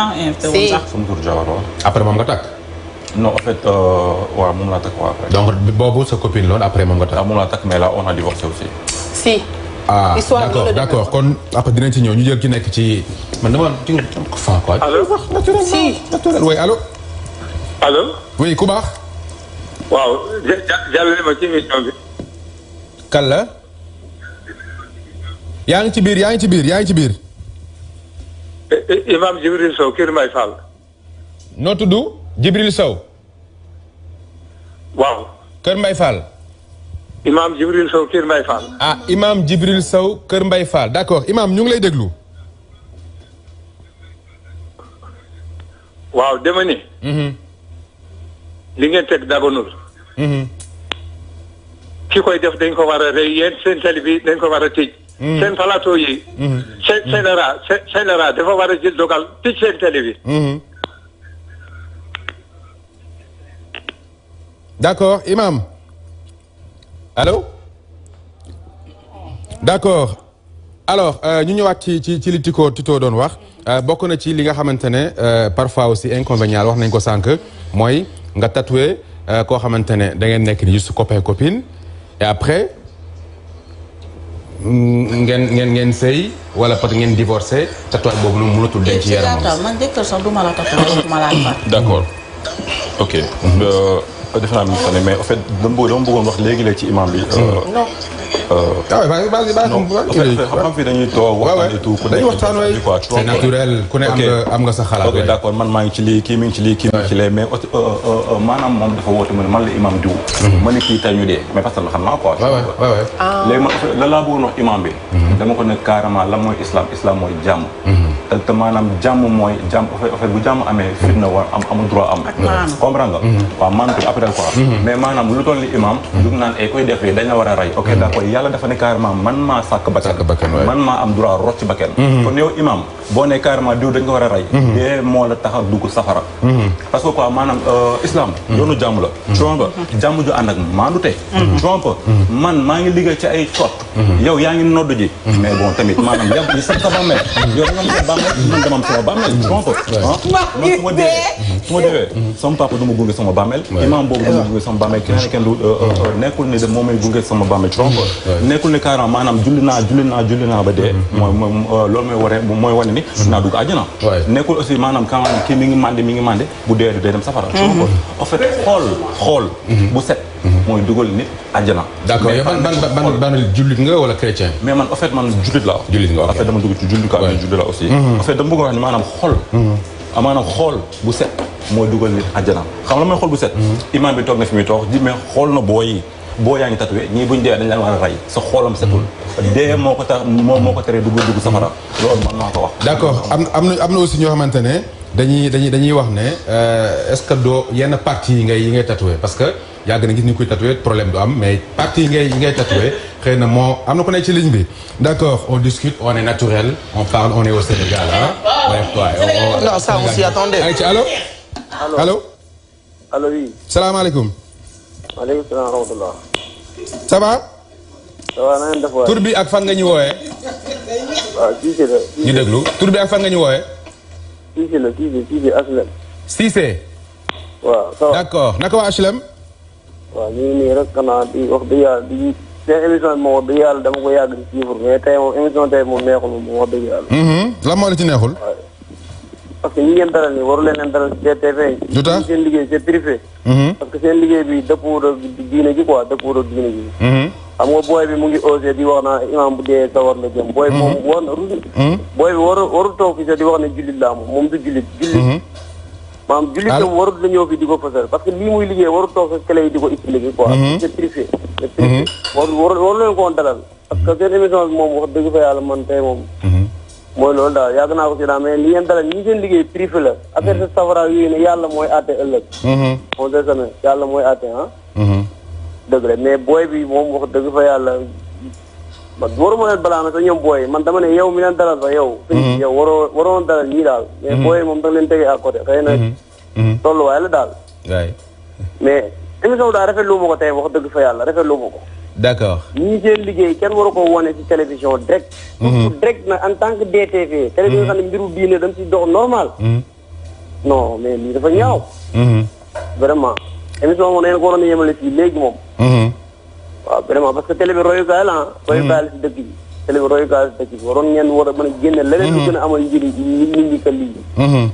ah après moom nga takk. non en euh, moom laa takk waaw après. donc boobu après moom nga takk. waaw ah, moom laa takk mais là on a divorcé si. Ah, d'accord d'accord kon après dinañ ci ñëw ñu jël ki nekk ci man dama ci nga ko faa quoi. ku baax. waaw ja jàllale ma ci émission bi. la. yaa ngi ci biir yaa ngi ci biir yaa ngi ci biir. Imaam Jibril Sow Kër May Fall. noo tudd Jibril Sow. waaw. Kër Mbay Fall. imaam ah, Jibril Sow Kër Mbay Fall. ah imaam d'accord imaam ñu ngi lay déglu. waaw dama mhm. li ngeen teg daganul. Mhm. ki koy def dañ ko war a rey yéen seen tali bi dañ ko war a tëj. Mhm. seen plateau yi. seen CNRA CNRA dafa war a jël d'accord alors euh, ñu ñëwaat ci ci ci li Tyco Tito doon wax euh, bokk na ci li nga xamante ne euh, parfois aussi inconvénient wax nañ ko sànq mooy nga tatoué koo xamante ne da ngeen nekk ni juste copain copine après. ngeen ngeen ngeen sëy wala parce que ngeen divorcé tatouage boobu noonu mënatul dem ci yaram man jëkkër sax du ma la tatouage du ma laal fa d'accord ok mhm. euh, defe naa mi fa ne mais en fait dama bëggoon wax léegi-léegi ci imam bi euh, Euh, ah oui vas-y vas-y non xam-xam fii dañuy toog waxtaan et tout. dañuy waxtaan am nga am sa xalaat. ok d'accord man maa ngi ci lii kii mi ngi ci lii kii mi ngi ci lee mais euh, euh, moom dafa woote ma ne man la diw. Mhm. ma kii tey ñu dee mais parce xam naa quoi. waaw waaw waaw léegi la laa bëggoon bi. Mhm. dama ko ne carrément lan mooy islam islam mooy jàmm. Mhm. te maanaam jàmm mooy jàmm affaire bu jàmm amee fitna war am amul droit am comprendre nga mhm. waaw maanaam après quoi mhm. mais maanaam lu toll ni imam mhm. jug naan ay eh, koy def lii dañ la war a rey ok d'accord yàlla dafa ne carrément man maa sàkk bakkan man maa am droit rocc bakkan kon yow imam boo ne carrément diw dañ ko war a rey dee moo la tax a dugg safara parce que quoi maanaam euh, islam yoonu jàmm la trompe jàmm ju ànd ak maandute trompe man maa ngi liggéey ci ay cot yow yaa ngi nodd ji mais bon tamit maanaam yab ñi sa sa bàmmeel yow nga sa bàmmeel man dama am sama bàmmeel bon ko su ma deewee sama papa du ma gunge sama bàmmeel imam boobu du ma gunge sama bàmmeel keneen kenn du euh, euh, euh, nekkul ne de moom may gunge sama bàmmeel tu nekkul ne carrément maanaam julli naa julli naa julli naa ba dee mm-hmm. mooy mooy loolu mooy waree mooy wane ni mm-hmm. naa dugg àjjana nekkul aussi maanaam quand kii mi ngi màndi mi ngi màndi bu dee dee dem safara tu vois mm-hmm. en xool xool bu set mooy dugal nit àjjana. d'accord yow ban ban ban jullit nga wala chrétien. mais man en fait man jullit laa. jullit nga en fait dama dugg ci jullit quoi mhm. mhm. xol. bu set mooy dugal nit àjjana xam la mooy xool bu set. Mhm. imaam bi toog na fi muy toog ji mais xool na boo yi boo yaa ngi tatuwee ñii buñ dee a rey sa xoolam wax. am na ñoo xamante ne dañuy dañuy dañuy wax ne euh, ce que doo yenn parties yi ngay yi parce que. yàgg na gis ñu koy tatoué problème du am mais partie yi ngay yi ngay na moo am na ku nekk ci ligne bi d' accord on discute on est naturel on parle on est au Sénégal oh, oh, ah. waaye ak fan nga ñu wooyee. waaw ah, Cissé la. ñu déglu tur ak fan nga ñu wooyee. Cissé waaw ça va waa HLM. waaw ñu ngi nii rek xanaa di wax dëgg yàlla di seen émission moom wax dëgg yàlla dama ko yàgg di suivre mais tey moom émission tey moom neexul moom wax dëgg yàlla. Mm-hmm. lan moo neexul. parce que ñi ngeen daral nii waru leen leen daral ci TFM. lu tax seen liggéey c'est privé. Mm-hmm. parce seen liggéey bi dëppoo diine ji quoi dëppoo diine ji. Mm-hmm. xam nga booy bi mu ngi osé di wax naa imam bu dee sawar la jëm. booy bi moom war na booy bi waru waru toog fi sax di wax ne jullit laa moom moom maanaam jullitam warut la ñëw fi di ko fësal parce que lii muy liggéey warut toog sa y di ko expliquer quoi mhm. c'est triché c'est mhm. triché waru waru leen ko woon dalal parce que seen émission bi moom wax dëgg fa yàlla man tey moom mhm. mooy loolu daal yàgg naa ko si daal mais li ngeen dalal ñi seen liggéey privé la affaire sa safara yooyu ne yàlla mooy àtte ëllëg on se semaine yàlla mooy àtte ah dëgg la mais booy bi moom wax dëgg fa yàlla man waruma leen balaa sax ñoom booy man dama ne yow mi leen dalal sax yow. Mhm. yow waroo waroon dalal ñii daal. mais mhm. booy moom da nga leen tegee à côté xëy toll mhm. tolluwaay la daal. mais émission bi daal rafetlu ma ko te wax dëgg fa yàlla rafetlu ma ko. d' accord ñii seen liggéey kenn waru ko wane ci télévision direct. direct nag en tant que DTV. télévision xam ne mbiru diine dam ci dox normal. non mais lii dafa ñaaw. vraiment émission moom nee na ko waroon a yemale léegi moom. waaw vraiment parce que télé bi royukaay bi. télé bi royukaay la si waroon ngeen war mën a génne. leneen lu mhm. gën a amal njëriñ nit ñi que mhm.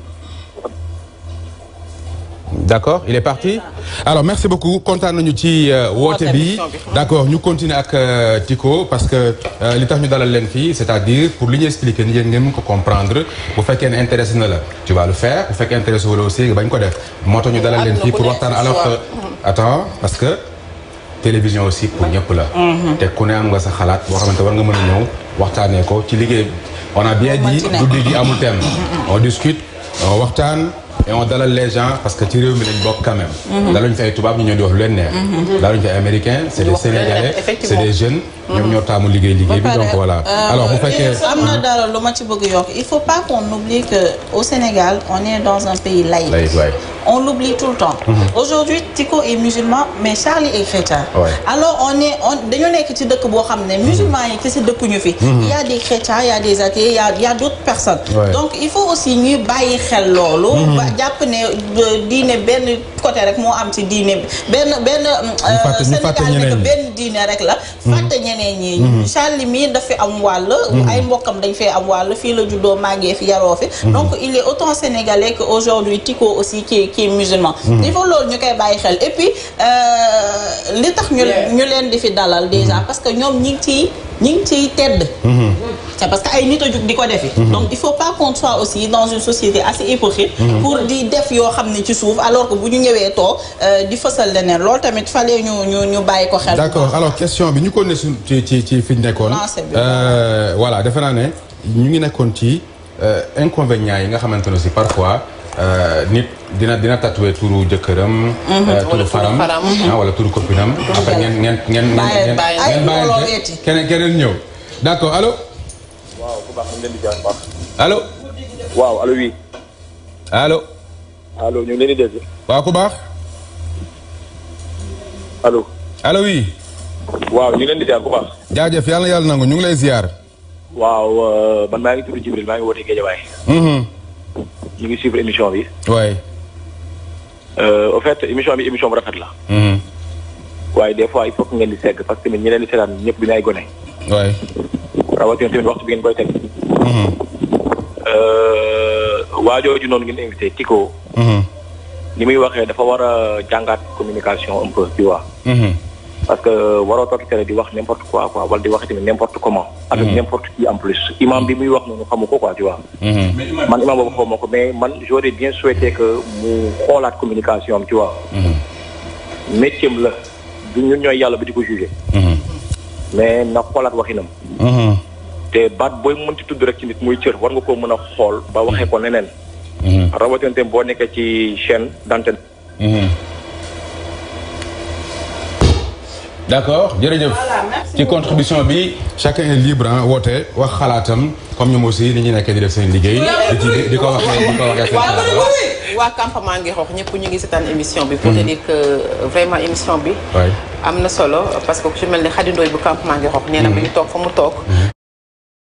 d'accord parti alors merci beaucoup kontaan nañu ci euh, woote bi d'accord ñu continuer ak euh, Tyco parce que euh, li tax ñu dalal leen fii c'est-à-dire pour li ñu expliquer ni yéen ngeen mën ko comprendre bu fekkee ne intéressé na la tu vas le faire bu fekkee intéressé wu aussi bañ ko def moo tax ñu dalal leen fii pour waxtaan alors que attends parce que télévision aussi pour ñëpp la. Mm-hmm. te ku ne am nga sa xalaat boo xamante war nga mën a ñëw waxtaanee ko ci liggéey on a bien di guddi gi amul thème. Mm-hmm. on discute on waxtaan. et on dalal les gens parce que ci réew mi lañ bokk quand même. fa mm-hmm. fi tubaab ñu ñëw di wax lu leen neex. daluñ fi ay américain c' est des sénégalais c' est des jeunes. ñoom ñoo taamu liggéey liggéey bi donc voilà. Euh, alors bu fekkee am na dara lu ma ci bëgg yokk il faut pas qu'on oublie que au Sénégal on l'oublie tout le temps. Mhm. aujourd'hui Tycho est musulman mais Charlie est chrétien. alors on est on dañu nekk ci dëkk boo xam ne mhm. musulman yi kese dëkkuñu fi. Mhm. il y a des chrétiens il y a des athées il y a il y a d'autres personnes. donc il faut aussi ñuy bàyyi xel loolu. ba jàpp ne euh, diine benn côté rek moo am ci diine benn benn. Euh, Sénégal nekk benn diine rek la. fàtte ñeneen ñi. Charlie mii daf fi am wàll. ay mbokkam dañ fee am wàll fii la juddoo màggee fi yaroo fi. donc il est autant sénégalais que aujourd'hui Tycho aussi qui kii musulman hmm. il faut loolu ñu koy bàyyi xel et euh, li tax ñu ñu leen di fi dalal déjà hmm. parce que ñoom ñi ci ciy ñi ngi ciy tedd hmm. c'est parce que ay nit a jug di ko defi donc il faut pas qu'on soit aussi dans une société assez hypocrite pour di def yoo xam ne ci suuf alors que bu ñu ñëwee too euh, di fësal leneen loolu tamit fallait ñu ñu ñu bàyyi ko xel d'accord alors question bi ñu ko ne su ci ci ci fi ñu nekkoon euh, voilà defe naa ne ñu ngi nekkoon ci inconvénients yi nga xamante ne aussi parfois Euh, nit dina dina tatoué turu jëkkëram. Mhm. Euh, turu faram ah, wala turu copinam. après ngeen keneen ñëw d' accord allo. waaw bu baax ngeen di jaar allo. waaw allo oui. allo. leen di dégg. waaw ku baax. allo. allo oui. waaw ñu leen di ziar bu baax. yàlla yàlla ñu ngi lay ziar. waaw euh, man maa ngi tudd Jibril maa ngi wootee Géejawaay. Mhm. ñu ngi suivre émission bi. waay. Euh, au fait émission bi émission bu rafet la. Mm-hmm. waaye des fois il faut que ngeen di segg parce que ñi leen di seetaan ñëpp dinaay gone. waay. rawatina tamit waxtu bi ngeen koy teg. Mm-hmm. Euh, waajooju noonu ngeen invité Tyco. Mm-hmm. ni muy waxee dafa war a jàngaat communication un peu tu vois. parce que waroo toog télé wax n'importe quoi quoi wala di wax tamit n'importe comment. avec mm-hmm. n'importe qui en plus imam bi muy wax noonu xamu ko quoi tu mm-hmm. man imam boobu xaw ma ko mais man j'aurais bien souhaité que mu xoolaat communication am tu vois. Mm-hmm. métier la du ñun ñooy yàlla bi di ko jugé. mais na xoolaat waxinam. te baat booy mënti tudd rek ci nit muy cër war nga koo mën a xool ba waxee ko neneen. rawatina boo nekkee ci chaîne d'antenne. d'accord jërëjëf ci contribution bi chacun est libre ah woote wax xalaatam comme ñoom aussi ni ñu nekkee di def seen liggéey di ci di ko wax di ko waxee seen xalaat waa campement ngi xoox ñëpp ñu ngi seetaan émission bi pour te hmm. dire que vraiment émission bi am na solo parce que ku ci mel ne Khady Ndoye bu campement ngi xoox nee na toog fa mu toog hmm.